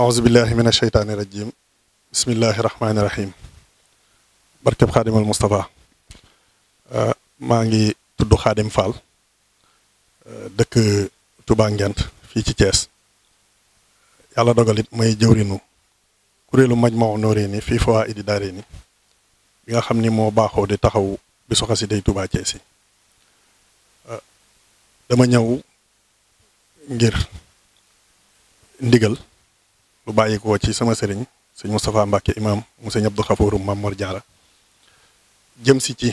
ahousubillahi min asheytaani rajim Bismillahirrahmanirrahim. Barke Khadim Al-Mustafa. Mangi eh, maa ngi tudd Xaadim Fall eh, dëkk Touba Ngent fi ci Thiès Yalla dogal it may jëwrinu kuréelu Majmahun Nurayni fii Fawaa'idi ni. bi nga xam ni moo di taxaw Touba Thiès Euh dama ñew ngir ndigal lu bàyyi ko ci sama sëriñ sëñ Moustapha Mbacke imam mu sëñ Abdou Khafour Mam Mor Diarra jëm si ci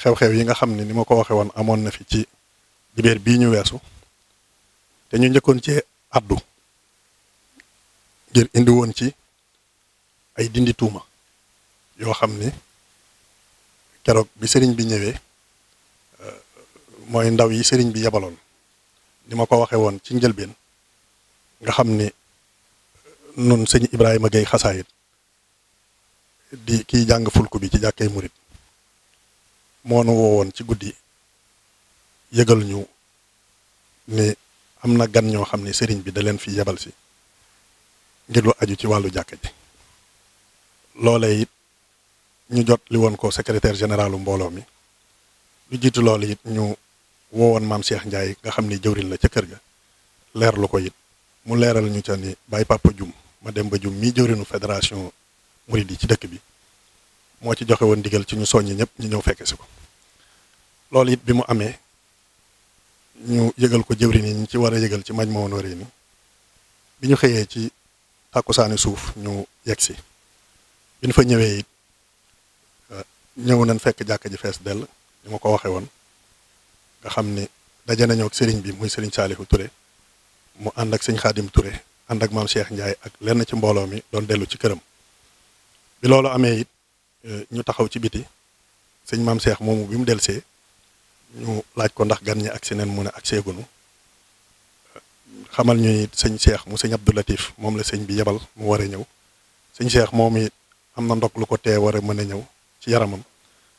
xew-xew yi nga xam ne ni ma ko waxe woon amoon na fi ci dibeer bii ñu weesu te ñu njëkkoon ci addu ngir indiwoon ci ay dindi tuuma yoo xam ni keroog bi sëriñ bi ñëwee mooy ndaw yi sëriñ bi yebaloon ni ma ko waxe woon ci njëlbeen nga xam ni nun sëñ Ibrahima Gueye xasaayit di kiy jàng fulku bi ci jàkkay murit moo nu woowoon ci guddi yëgal ñu ni am na gan ñoo xam ne sëriñ bi da leen fi yebal si ngir lu aju ci wàllu jàkka ji loole it ñu jot li woon ko secrétaire généralu mbooloo mi lu jiitu loolu it ñu woowoon maam Cheikh Ndiaye nga xam ni jëwriñ la ca kër ga leer lu ko it mu leeral ñu ca ni Baye Papa Dioum ma dem ba jum mii jëwrinu fédération murid yi ci dëkk bi moo ci joxe woon ndigal ci ñu soññi ñëpp ñu ñëw fekke si ko loolu it bi mu amee ñu yëgal ko jëwrin yi ñu ci war yëgal ci maj ma woon ni bi ñu xëyee ci tàkkusaani suuf ñu yegg si bi ñu fa ñëwee it euh, ñëw nañ fekk jàkka ji fees dell ñu ma ko waxe woon nga xam ni daja nañoo ak sëriñ bi muy sëriñ Saalihu ture mu ànd ak sëñ Xaadim ture ànd ak maam Cheikh Ndiaye ak lenn ci mbooloo mi doon dellu ci këram bi loolu amee it e, ñu taxaw ci biti sëñ maam Cheikh moomu bi mu delsee ñu laaj ko ndax gan ñi ak si neen mu ne ak seegunu xamal ñu it sëñ Cheikh mu sëñ Abdou moom la sëñ bi yebal mu war ñëw sëñ Cheikh moom it am na ndog lu ko tee war a mën a ñëw ci yaramam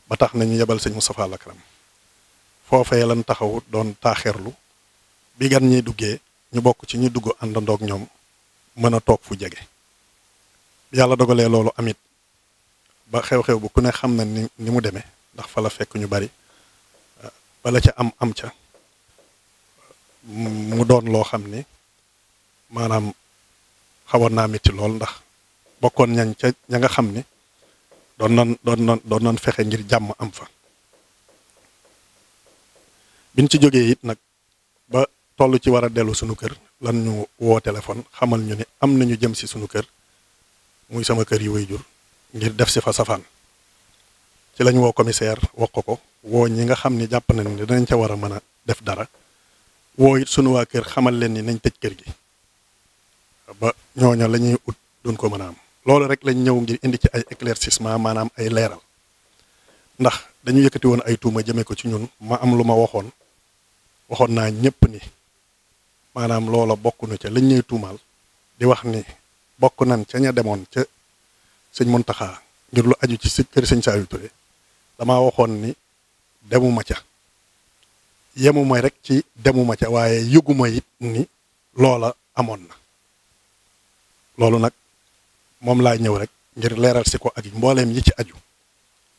ba tax na ñu yebal sëñ Moustapha Lakram foofee lañ taxaw doon taaxeerlu bi gan ñi duggee ñu bokk ci ñu dugg àndandoog ñoom mën a toog fu jege yàlla dogalee loolu amit ba xew-xew bu ku ne xam na ni ni mu demee ndax fa la fekk ñu bari eh, bala ca am am ca mu doon loo xam ni maanaam xawoon naa metti lool ndax bokkoon ñañ ca ña nga xam ni doon nan doon nan doon nan fexe ngir jàmm am fa biñ ci jógee it nag ba toll ci war a dellu sunu kër lan ñu woo téléphone xamal ñu ni am nañu jëm si sunu kër muy sama kër yi way jur ngir def si fa safaan ci lañu woo commissaire wax ko ko woo ñi nga xam ne jàpp nañ ne danañ ca war a mën a def dara woo it sunu waa kër xamal leen ni nañ tëj kër gi ba ñooña lañuy ut duñ ko mën a am loolu rek lañ ñëw ngir indi ci ay éclaircissement maanaam ay leeral ndax dañu yëkkati woon ay tuuma jëmee ko ci ñun ma am lu ma waxoon waxoon naa ñëpp ni maanaam loola bokk na ca lañ ñuy tuumaal di wax ni bokk nañ ca ña demoon ca sëñ Muntaxa ngir lu aju ci kër sëñ Saliou Touré dama waxoon ni demuma ca yemuma rek ci demuma ca waaye yëguma it ni loola amoon na loolu nag moom laa ñëw rek ngir leeral si ko ak mbooleem yi ci aju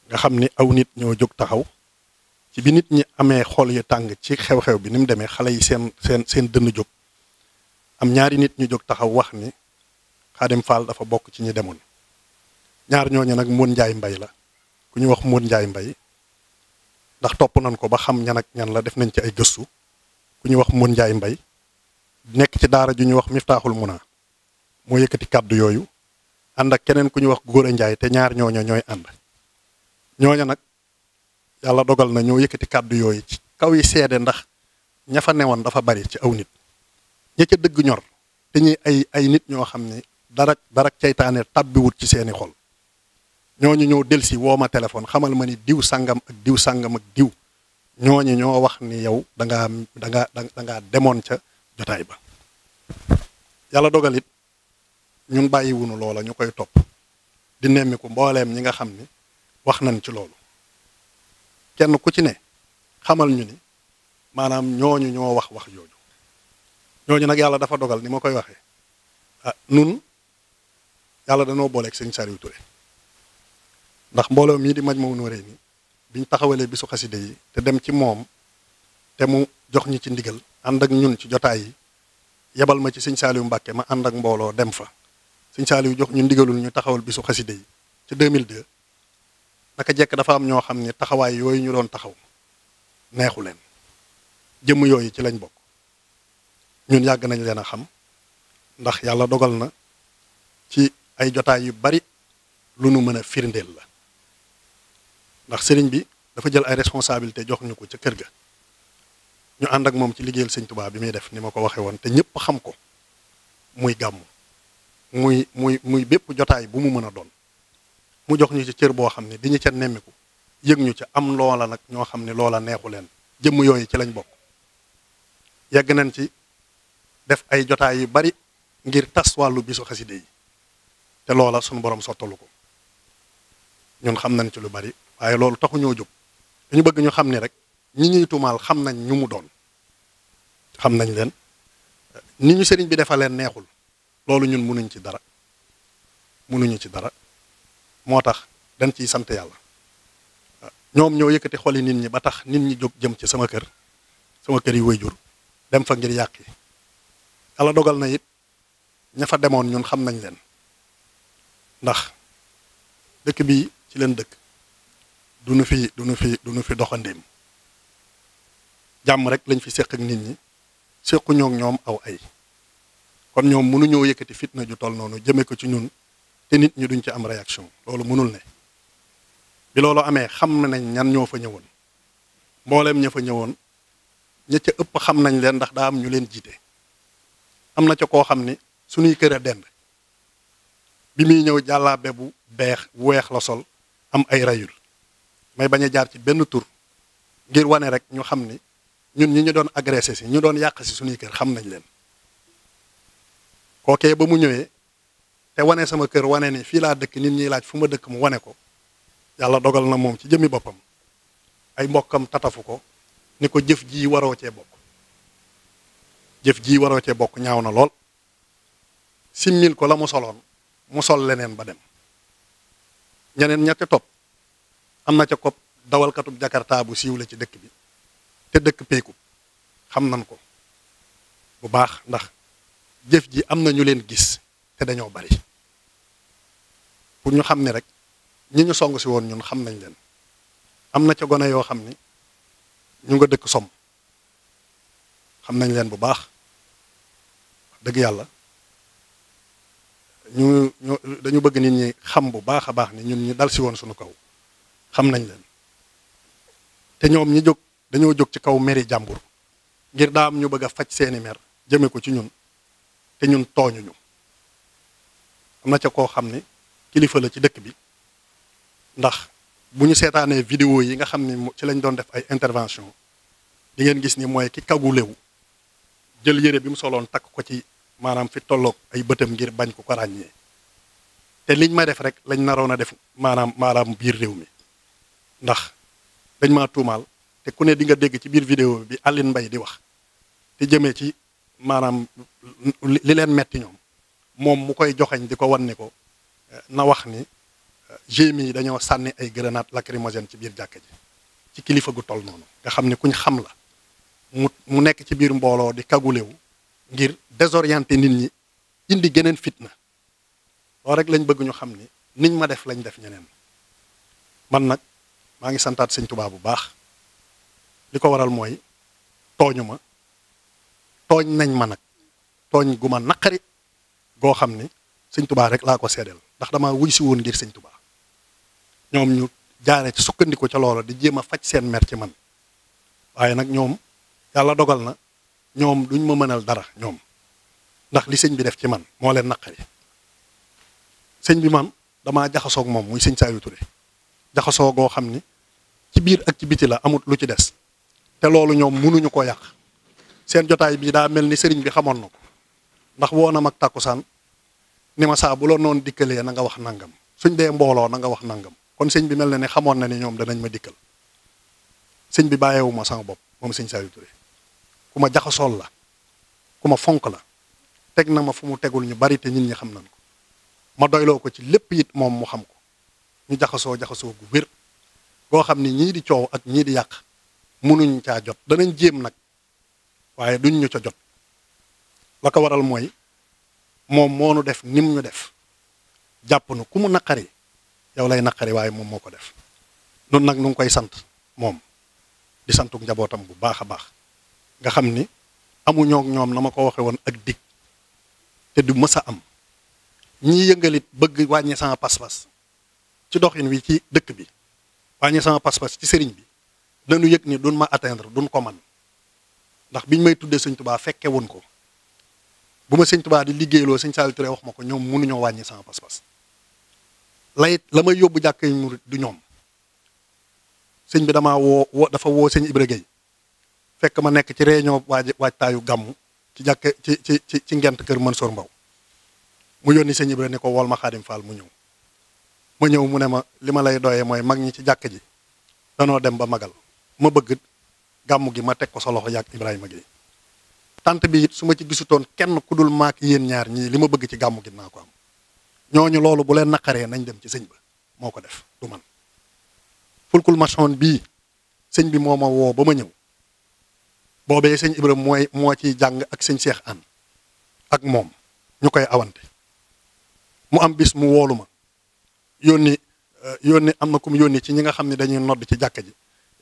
nga xam ni aw nit ñoo jóg taxaw ci bi nit ñi amee xol yu tàng ci xew-xew bi ni mu demee xale yi seen seen seen dënn jóg am ñaari nit ñu jóg taxaw wax ni Xaadim Fall dafa bokk ci ñi demoon ñaar ñooñu nag Moon Njaay Mbay la ku ñu wax Moon Njaay Mbay ndax topp nañ ko ba xam ñan ak ñan la def nañ ci ay gëstu ku ñu wax Moon Njaay Mbay nekk ci daara ju ñu wax Miftaaxul Muna moo yëkkati kàddu yooyu ànd ak keneen ku ñu wax Góora Njaay te ñaar ñooña ñooy ànd ñooña nag yàlla dogal na ñoo yëkkati kàddu yooyu ci kaw yi seede ndax ña fa newoon dafa bari ci aw nit ña ca dëgg ñor te ñuy ay ay nit ñoo xam ne dara dara ceytaane tàbbiwut ci seeni xol ñooñu ñoo delsi woo ma téléphone xamal ma ni diw sangam ak diw sàngam ak diw ñooñu ñoo wax ni yow danga ngaa danga ngaa demoon ca jotaay ba yàlla dogal it ñun bàyyiwunu loola ñu koy topp di nemmiku mbooleem ñi nga xam ni wax nañ ci loolu kenn ku ci ne xamal ñu ni maanaam ñooñu ñoo wax wax jooju ñooñu nag yàlla dafa dogal ni ma koy waxee ah nun yàlla danoo booleeg sëñ Saliou Touré ndax mbooloo mii di maj ma nooree ni biñ taxawalee bisu xaside yi te dem ci moom te mu jox ñu ci ndigal ànd ak ñun ci jotaay yi yebal ma ci sëñ Saliou Mbàkke ma ànd ak mbooloo dem fa sëñ Saliou jox ñu ndigalul ñu taxawal bisu xaside yi ci 2002 naka jekk dafa am ñoo xam ne taxawaay yooyu ñu doon taxaw neexu leen jëmm yooyu ci lañ bokk ñun yàgg nañ leen a xam ndax yàlla dogal na ci ay jotaay yu bari lu nu mën a firndeel la ndax sëriñ bi dafa jël ay responsabilité jox ñu ko ca kër ga ñu ànd ak moom ci liggéeyal sëñ tubaab bi muy def ni ma ko waxee woon te ñëpp xam ko muy gàmm muy muy muy bépp jotaay bu mu mën a doon mu jox ñu ci cër boo xam ne di ñu ca nemmiku yëg ñu ca am loola nag ñoo xam ne loola neexu leen jëmm yooyu ci lañ bokk yegg nañ ci def ay jotaay yu bari ngir tas wàllu bisu xaside yi te loola suñu borom sottalu ko ñun xam nañ ci lu bari waaye loolu taxu ñoo jóg dañu bëgg ñu xam rek ñi ñuy tumaal xam nañ ñu mu doon xam nañ leen ni ñu sëriñ bi defa neexul loolu ñun munuñ ci dara munuñu ci dara moo tax dañ ciy sant yàlla ñoom ñoo yëkkati xoli nit ñi ba tax nit ñi jóg jëm ci sama kër sama kër yi wayjur dem fa ngir yàq yi dogal na it ña fa demoon ñun xam nañ leen ndax dëkk bi ci leen dëkk du nu fi du nu fi du nu fi doxandeem jàmm rek lañ fi séq ak nit ñi séqu ñoog ñoom aw ay kon ñoom mënuñoo yëkkati fitna ju toll noonu jëme ko ci ñun té nit ñi duñ ci am réaction loolu mënul ne bi loolu amee xam nañ ñan ñoo fa ñëwoon mbooleem ña fa ñëwoon ña ca ëpp xam nañ leen ndax daa am ñu leen jiite am na ca koo xam ni suñuy kër a bi muy ñëw beex weex la sol am ay rayul may bañ a jaar ci benn tur ngir wane rek ñu xam ni ñun ñi ñu doon agressé si ñu doon yàq si suñuy kër xam nañ leen kookee ba mu ñëwee te wane sama kër wane ni fii laa dëkk nit ñi laaj fu ma dëkk mu wane ko yàlla dogal na moom ci jëmmi boppam ay mbokkam tatafu ko ni ko jëf ji waroo cee bokk jëf ji waroo cee bokk ñaaw na lool simmil ko la mu soloon mu sol leneen ba dem ñeneen ña ca topp am na ca kopp dawalkatub jakarta bu siiw la ci dëkk bi te dëkk péeku xam nan ko bu baax ndax jëf ji am na ñu leen gis te dañoo bari pour ñu xam ne rek ñi ñu song si woon ñun xam nañ leen am na ca gone yoo xam ni ñu nga dëkk som xam nañ leen bu baax dëgg yàlla ñu ñu dañu bëgg nit ñi xam bu baax a baax ni ñun ñu dal si woon suñu kaw xam nañ leen te ñoom ñi jóg dañoo jóg ci kaw meri jàmbur ngir daa am ñu bëgg faj seeni mer jëme ko ci ñun te ñun tooñuñu am na ca koo xam ni kilifa la ci dëkk bi ndax bu ñu seetaanee vidéo yi nga xam ni ci lañ doon def ay intervention di ngeen gis ni mooy ki kagulewu jël yére bi mu soloon takk ko ci maanaam fi tolloog ay bëtam ngir bañ ko ko ràññee te liñ ma def rek lañ naroon a def maanaam maanaam biir réew mi ndax dañ ma tuumaal te ku ne di nga dégg ci biir vidéo bi Aline mbay di wax te jëmee ci maanaam li leen metti ñoom moom mu koy joxañ di ko wan ko na wax ni GMI yi dañoo sànni ay grenade lacrymogène ci biir jàkka ji ci kilifa gu toll noonu nga xam ne kuñ xam la mu mu nekk ci biir mbooloo di kagulewu ngir désorienter nit ñi indi geneen fitna loolu rek lañ bëgg ñu xam ni niñ ma def lañ def ñeneen man nag maa ngi santaat sëñ tubaab bu baax li ko waral mooy tooñu ma tooñ nañ ma nag tooñ gu ma naqari goo xam ni sëñ tubaa rek laa ko seedeel ndax dama wuy si woon ngir sëñ tubaa ñoom ñu jaare ci sukkandiku ca loola di jéem a faj seen mer ci man waaye nag ñoom yàlla dogal na ñoom duñ ma mënal dara ñoom ndax li sëñ bi def ci man moo leen naqari sëñ bi man damaa jaxasoog moom muy sëñ Saliou Touré jaxasoo goo xam ni ci biir ak ci biti la amut lu ci des te loolu ñoom mënuñu koo yàq seen jotaay bii daa mel ni sëriñ bi xamoon na ko ndax woo na mag tàkkusaan ni ma saa bu la noonu dikkalee na nga wax nangam suñ dee mbooloo na wax nangam kon sëñ bi mel na ne xamoon na ni ñoom danañ ma dikkal sëñ bi bàyyeewu ma sama bopp moom sëñ Saliou Touré ku ma jaxasoo la ku ma fonk la teg na ma fu mu tegul ñu bari te nit ñi xam nañ ko ma doyloo ko ci lépp it moom mu xam ko ñu jaxasoo jaxasoo gu wér goo xam ni ñii di coow ak ñii di yàq munuñ caa jot danañ jéem nag waaye duñ ñu ca jot la ko waral mooy moom moonu def nim ñu def jàpp nu ku mu naqari yow lay naqari waaye moom moo ko def nun nag nu koy sant moom di santuk njabootam bu baax a baax nga xam ni amuñook ñoom na ma ko waxe woon ak dikk te du mës a am ñii yëngalit bëgg wàññi sama pas ci doxin wi ci dëkk bi wàññee sama pas-pas ci sëriñ bi dañu yëg ni duñ ma atteindre dun ko man ndax biñ may tuddee Sëñ Tuubaa fekke woon ko buma seigne touba di liggéeyloo seigne sall Touré wax mako ñom ñoom ñoo wañi sama pas-pas layit lama may yóbbu jàkk yi du ñom seigne bi dama wo woo dafa wo seigne Ibra Gueye fekk ma nek ci réunion waj tayu gam ci jakk ci ci ci ngent kër Mansour Mbaw mu yoni seigne Ibra ne ko wol ma khadim Fall mu ñew ma ñew mu ne ma lima lay doye moy mag ñi ci jakk ji dem ba magal ma bëgg gamu gi ma tek ko so loxo Ibrahima Gueye tant bi it su ma ci gisutoon kenn ku dul maak yéen ñaar ñii li ma bëgg ci gàmmu gi naa ko am ñooñu loolu bu leen naqaree nañ dem ci sëñ ba moo ko def du man fulkul maçon bii sëñ bi moo ma woo ba ma ñëw boobee sëñ Ibrahima mooy moo ciy jàng ak sëñ Cheikh Anne ak moom ñu koy awante mu am bis mu woolu ma yónni eh, yónni am na ku mu yónni ci ñi nga xam ne dañuy nodd ci jàkka ji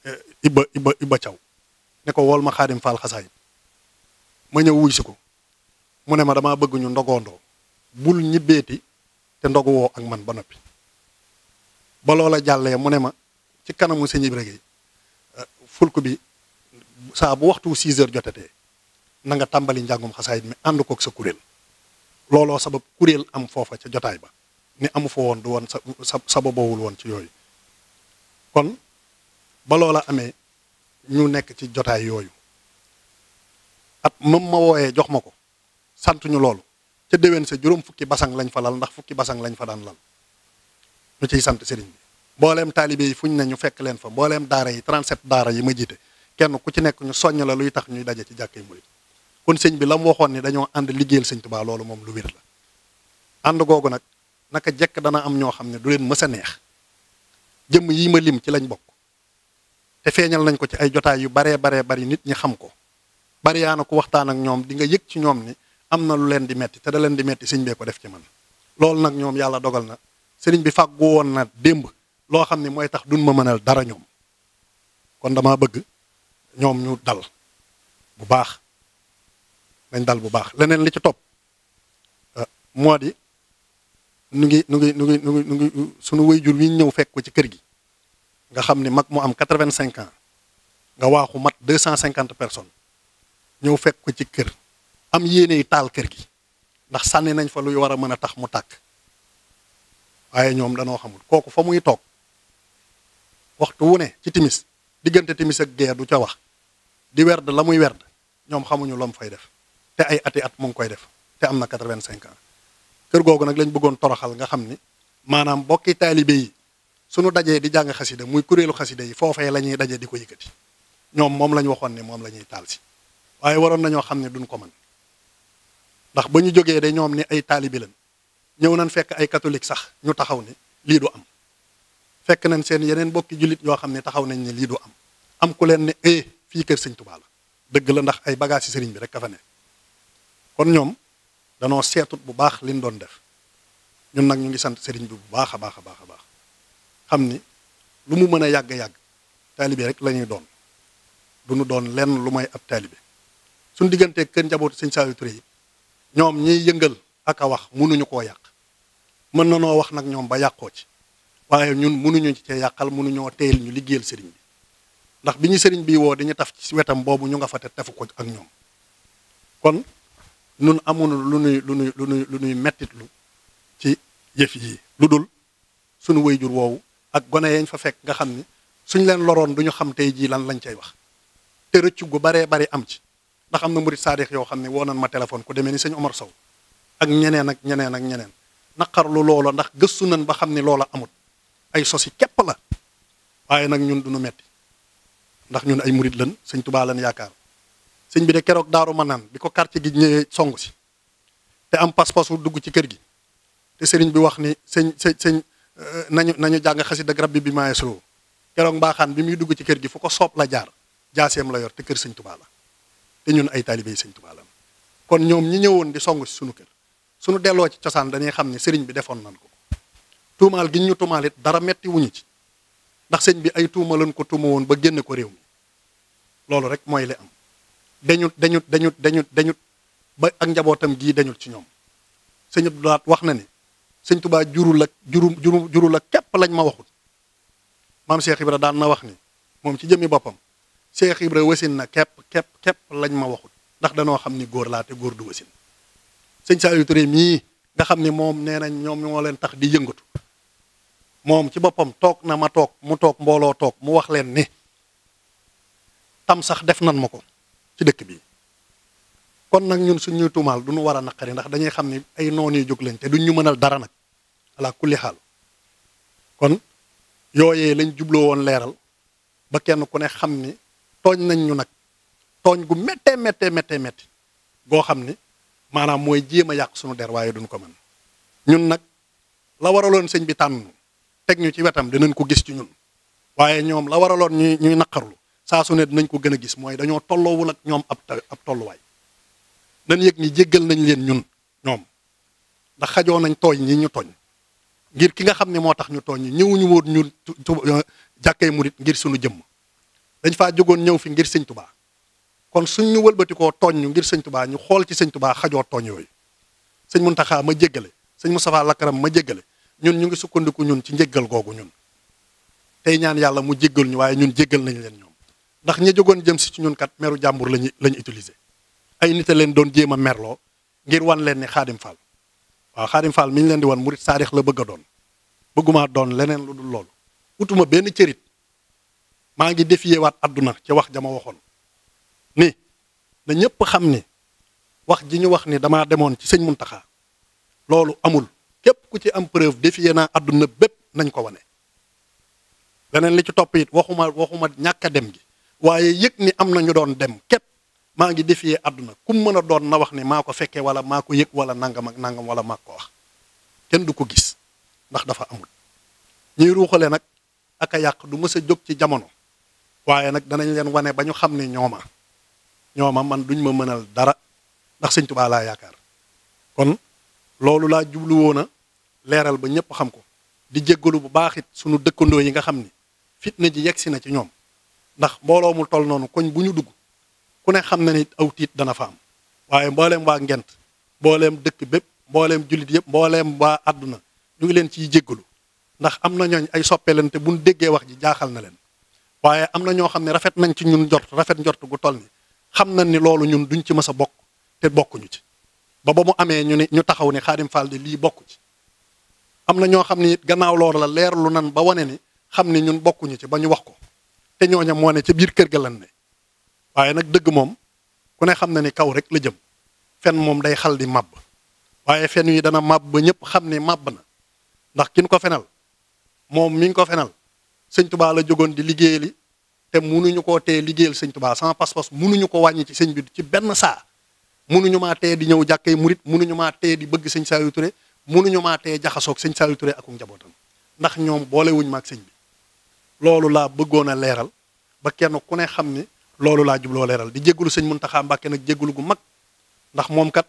eh, Iba Iba Iba Thiaw ne ko wool ma Xaadim Fall xasaayit ma ñëw wuy si ko mu ne ma damaa bëgguñu ñu ndogoondoo bul ñibbeeti te ndogu ak man ba noppi ba loola jàllee mu ne ma ci kanamu sëñ Ibra Gueye euh, fulk bi saa bu waxtu 6 heures jotatee na nga tàmbali njàngum xasaayit mi ànd kook sa kuréel looloo sabab kuréel am foofa ca jotaay ba ni amu fa woon du woon sa sababowul woon ci yooyu kon ba loola amee ñu nekk ci jotaay yooyu at moom ma wooyee jox ma ko sant ñu loolu ca déwén sa juróom fukki basang lañ fa lal ndax fukki basang lañ fa daan lal ñu ciy sant sëriñ bi mbooleem taalibe yi fuñ ne ñu fekk leen fa mbooleem daara yi 37 daara yi ma jiite kenn ku ci nekk ñu soññ la luy tax ñuy daje ci jàkkay murit kon sëñ bi la mu waxoon ni dañoo ànd liggéeyal sëñ Tuubaa loolu moom lu wér la ànd googu nag naka jekk dana am ñoo xam ne du leen mës a neex jëm yi ma lim ci lañ bokk te nañ ko ci ay jotaay yu baree baree bari nit ñi xam ko bari na ku waxtaan ak ñoom di nga yëg ci ñoom ni am na lu leen di metti te da leen di metti sëñ bee ko def ci man loolu nag ñoom yàlla dogal na sëriñ bi fàggu woon na démb loo xam ne mooy tax duñ ma mënal dara ñoom kon dama bëgg ñoom ñu dal bu baax nañ dal bu baax leneen li ci topp euh, moo di nu ngi nu ngi nu ngi nu ngi nu ngi sunu wayjur wi ñëw fekk ko ci kër gi nga xam ni mag mu am quatre-vingt-cinq ans nga waaxu mat deux cent cinquante personnes ñëw fekk ko ci kër am yéene taal kër gi ndax sànni nañ fa luy war a mën a tax mu tàkk waaye ñoom danoo xamul kooku fa muy toog waxtu wu ne ci timis diggante timis ak gee du ca wax di werd la muy werd ñoom xamuñu lom fay def te ay ati at mu ngi koy def te am na quatre ans kër googu nag lañ bëggoon toroxal nga xam ni maanaam bokki taalibe yi suñu dajee di jàng xasida muy kuréelu xasida yi foofee la ñuy dajee di ko yëkkati ñoom moom lañ waxoon ne moom la si waaye waroon na ñoo xam ne duñ ko man ndax ba ñu jógee de ñoom ni ay taalibi lañ ñëw nañ fekk ay katolik sax ñu taxaw ne lii du am fekk nañ seen yeneen bokki jullit yoo xam ne taxaw nañ ne lii du am am ku leen ni eh fii kër sañ Tuubaa la dëgg la ndax ay bagages sëriñ bi rek ka fa ne kon ñoom danoo seetut bu baax liñ doon def ñun nag ñu ngi sant sëriñ bi bu baax a baax a baax a baax xam ni lu mu mën a yàgg-yàgg taalibe rek lañuy doon du doon lenn lu may ab taalibe suñu diggantee kër njabootu sëñ Saliou Touré yi ñoom ñiy yëngal ak a wax munuñu koo yàq mën na noo wax nag ñoom ba yàqoo ci waaye ñun munuñu ci cee yàqal munuñoo teyel ñu liggéeyal sëriñ bi ndax bi ñu sëriñ bi woo dañu taf ci wetam boobu ñu nga fa te tafu ko ak ñoom kon nun amoon lu nuy lu nuy lu nuy lu mettitlu ci jëf yi lu dul suñu wayjur woowu ak gone yañ fa fekk nga xam ni suñ leen loroon du ñu xam tey jii lan lañ cay wax te rëccu gu baree bari am ci ndax amna mourid murit yo yoo wonan ma telephone ku demee ni sëñ Omar Sow ak ñeneen ak ñeneen ak ñeneen lu lolo ndax nan ba lolo amut ay sosi kep la waye nag ñun duñu metti ndax ñun ay mourid lan seigne touba lañ yaakar seigne bi de kérok daaru manan biko quartier gi songu ci te am pas-pasu dugg ci kër gi te seigne bi wax ni seigne seigne euh, nañu nañu jàng xasida garab bi bi maayesroo keroog mbaaxaan bi muy dugg ci kër gi fuko sop la jaar jaasem la yor té kër seigne touba la te ñun ay taalibe yi sëñ Tuubaa la kon ñoom ñi ñëwoon di song si sunu kër sunu delloo ci cosaan dañuy xam ni sëriñ bi defoon nan ko tuumaal gi ñu tuumaal dara metti ñu ci ndax sëñ bi ay tuuma lañ ko tuuma woon ba génne ko réew mi loolu rek mooy li am dañut dañut dañut dañut dañut ba ak njabootam gii dañut ci ñoom sëñ Abdou wax na ni sëñ tubaa jurul ak jurum jurum jurul ak képp lañ ma waxut maam Cheikh Ibra daan na wax ni moom ci jëmmi boppam Cheikh Ibra wasin na kepp kepp lañ ma waxut ndax danoo xam ni góor laa te góor du wasin sëñ Saliou Touré mii nga xam ni moom nee nañ ñoom moo leen tax di yëngatu moom ci boppam toog na ma toog mu toog mbooloo toog mu wax leen ni tam sax def nan ma ko ci dëkk bi kon nag ñun suñ ñuy tuumaal du ñu war a naqari ndax dañuy xam ni ay noon yu jóg lañ te duñ ñu mënal dara nag ala kulli xaal kon yooyee lañ jubloo woon leeral ba kenn ku ne xam ni tooñ nañ ñu nak tooñ gu mete, méttee méttee métti go xamni manam moy jima yak suñu der waye duñ ko man ñun nak la waralon señ bi tànn tek ñu ci wetam dinañ ko gis ci ñun waye ñom la waralon ñuy ñuy nakarlu sa su ne dinañ ko gëna gis mooy dañoo tolloowul ak ñom ab ab way nañ yek ni jéggel nañ leen ñun ñom da xajo nañ tooñ ñi ñu tooñ ngir ki nga xamni ne tax ñu tooñ ñewu ñu woon ñun euh, jakkay murit ngir suñu jëm dañ faa jógoon ñëw fi ngir sëñ tubaa kon suñ ñu wëlbatikoo tooñ ñu ngir sëñ tubaa ñu xool ci sëñ tubaa xajoo tooñ yooyu sëñ Muntaxa ma jéggale sëñ Moustapha Lakaram ma jéggale ñun ñu ngi sukkandiku ñun ci njéggal googu ñun tey ñaan yàlla mu jéggal ñu waaye ñun jéggal nañ leen ñoom ndax ña jógoon jëm si ci ñun kat meru jàmbur lañu lañu utilisé ay nit a leen doon jéem a merloo ngir wan leen ni xaadim Fall waaw xaadim Fall mi ñu leen di wan murit saarix la bëgg a doon bëgguma doon leneen lu dul loolu utuma benn cërit maa ngi défier waat àdduna ci wax jama waxoon ni na ñëpp xam ni wax ji ñu wax ni damaa demoon ci sëñ taxa loolu amul képp ku ci am preuve défier naa àdduna bépp nañ ko wane leneen li ci topp yit waxuma waxuma ñàkk a dem gi waaye yëg ni am na ñu doon dem képp maa ngi défier àdduna ku mën a doon na wax ni maa ko fekkee wala maa ko yëg wala nangam ak nangam wala maa ko wax kenn du ko gis ndax dafa amul ñuy ruuxale nag ak yàq du mës jóg ci jamono waaye nag danañ leen wane ba ñu xam ni ñooma ñooma man duñ ma mënal dara ndax sëñtu Tuubaa laa yaakaar kon loolu laa jublu woon a leeral ba ñëpp xam ko di jéggalu bu baax it sunu dëkkandoo yi nga xam ni fitna ji yegsi na ci ñoom ndax mbooloo mu toll noonu koñ bu ñu dugg ku ne xam na ni aw tiit dana fa am waaye mbooleem waa ngent mbooleem dëkk bépp mbooleem jullit yëpp mbooleem waa àdduna ñu ngi leen ciy jéggalu ndax am na ñooñ ay soppelante bu ñu déggee wax ji jaaxal na leen waaye am na ñoo xam ne rafet nañ ci ñun jort rafet njort gu toll ni xam nañ ni loolu ñun duñ ci mës a bokk te bokkuñu ci ba ba mu amee ñu ne ñu taxaw ni Xaadim Fall de lii bokk ci am na ñoo xam ne it gannaaw loolu la leerlu nan ba wane ni xam ni ñun bokkuñu ci ba ñu wax ko te ñooña moo ne ca biir kër ga lan ne waaye nag dëgg moom ku ne xam na ni kaw rek la jëm fen moom day xal di màbb waaye fen yi dana màbb ba ñëpp xam ni màbb na ndax kin ko fenal moom mi ko fenal sëñ tubaa la jógoon di liggéeyali te ñu koo teye liggéeyal sëñ tubaa sama pas-pas munuñu ko wàññi ci sëñ bi ci benn saa munuñu maa tee di ñëw jàkkee murit munuñu maa tee di bëgg sëñ Saliou Touré munuñu maa tee jaxasoog sëñ Saliou Touré ak njabootam ndax ñoom boolewuñu ma ak sëñ bi loolu laa bëggoon a leeral ba kenn ku ne xam ni loolu laa jubloo leeral di jégalu sëñ Muntaxa Mbàkke nag jégalu gu mag ndax moomkat kat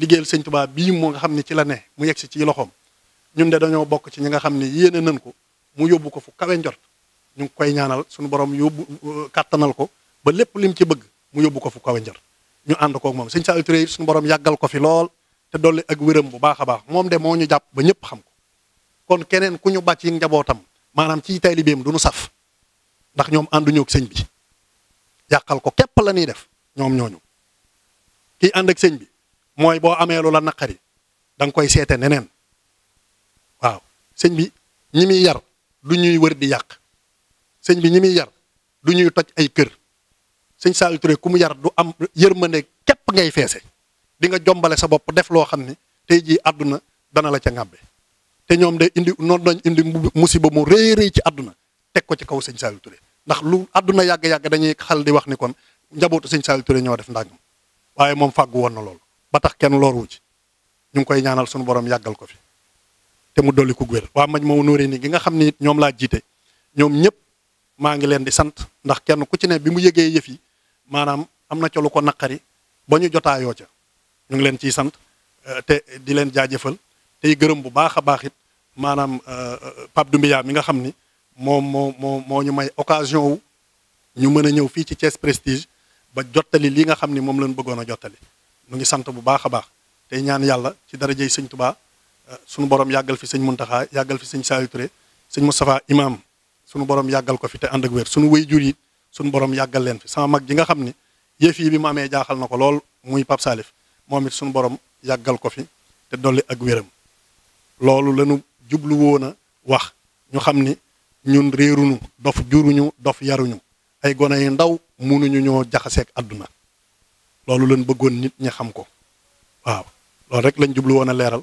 liggéeyal sëñ tubaa bii moo nga xam ne ci la ne mu yegg si ci loxoom ñun de dañoo bokk ci ñi nga xam ne yéene nañ ko mu yóbbu ko fu kawe njort ñu ngi koy ñaanal suñu borom yóbbu euh, kàttanal ko ba lépp lim ci bëgg mu yóbbu ko fu kawe njort ñu ànd koog moom sëñ Saliou Touré suñu borom yàggal ko fi lool te dolli ak wéram bu baax a baax moom de moo ñu jàpp ba ñëpp xam ko kon keneen ku ñu bàcc yi njabootam maanaam ci taalibeem du ñu saf ndax ñoom ànduñook ak sëñ bi yàqal ko képp la ñuy def ñoom ñooñu kiy ànd ak sëñ bi mooy boo amee lu la naqari danga koy seete neneen waaw sëñ bi ñi muy yar du ñuy wër di yak señ bi ñimi yar du ñuy toj ay kër señ Saliou Touré kumu yar du am yërmande képp ngay fessé di nga jombalé sa bop def lo xam tay ji aduna dana la ca ngàbbe té ñom dé indi non dañ indi musiba mu réy réy ci aduna teg ko ci kaw señ Saliou Touré ndax lu aduna yag yag dañuy xal di wax ni kon njabootu señ Saliou Touré ño def ndag waye mom fagu won na lool ba tax kenn looru ci ñu ngi koy ñaanal suñu borom yagal ko fi te mu dolli ku wér waa maj ma nóoree ni gi nga xam ni ñoom laa jiite ñoom ñëpp maa ngi leen di sant ndax kenn ku ci ne bi mu yëgee yëf yi maanaam am na ca ko naqari ba ñu jotaayoo ca ñu ngi leen ciy sant euh, te di leen jaajëfal tey gërëm bu baax a baax it maanaam euh, euh, Pape Doumbia mi nga xam ni moom moo moo moo ñu may occasion wu ñu mën a ñëw fii ci Thiès Prestige ba jottali li nga xam ni moom lañ bëggoon a jottali ñu ngi sant bu baax a baax tey ñaan yàlla ci darajey Sëñ Tubaa sunu boroom yàggal fi sëñ Muntaxa yàggal fi sëñ Saliou Touré sëñ Moustapha Imaam sunu borom yàggal ko fi te ànd ak wér sunu waajur yi sunu borom yàggal leen fi sama mag ji nga xam ni yëf yi bi mu amee jaaxal na ko lool muy Pape Salif moom it sunu borom yàggal ko fi te dolli ak wéram loolu lañu jublu woon a wax ñu xam ni ñun réeruñu dof juruñu dof yaruñu ay gone yu ndaw munuñu ñoo jaxaseeg àdduna loolu lañ bëggoon nit ñi xam ko waaw loolu rek lañ jublu woon leeral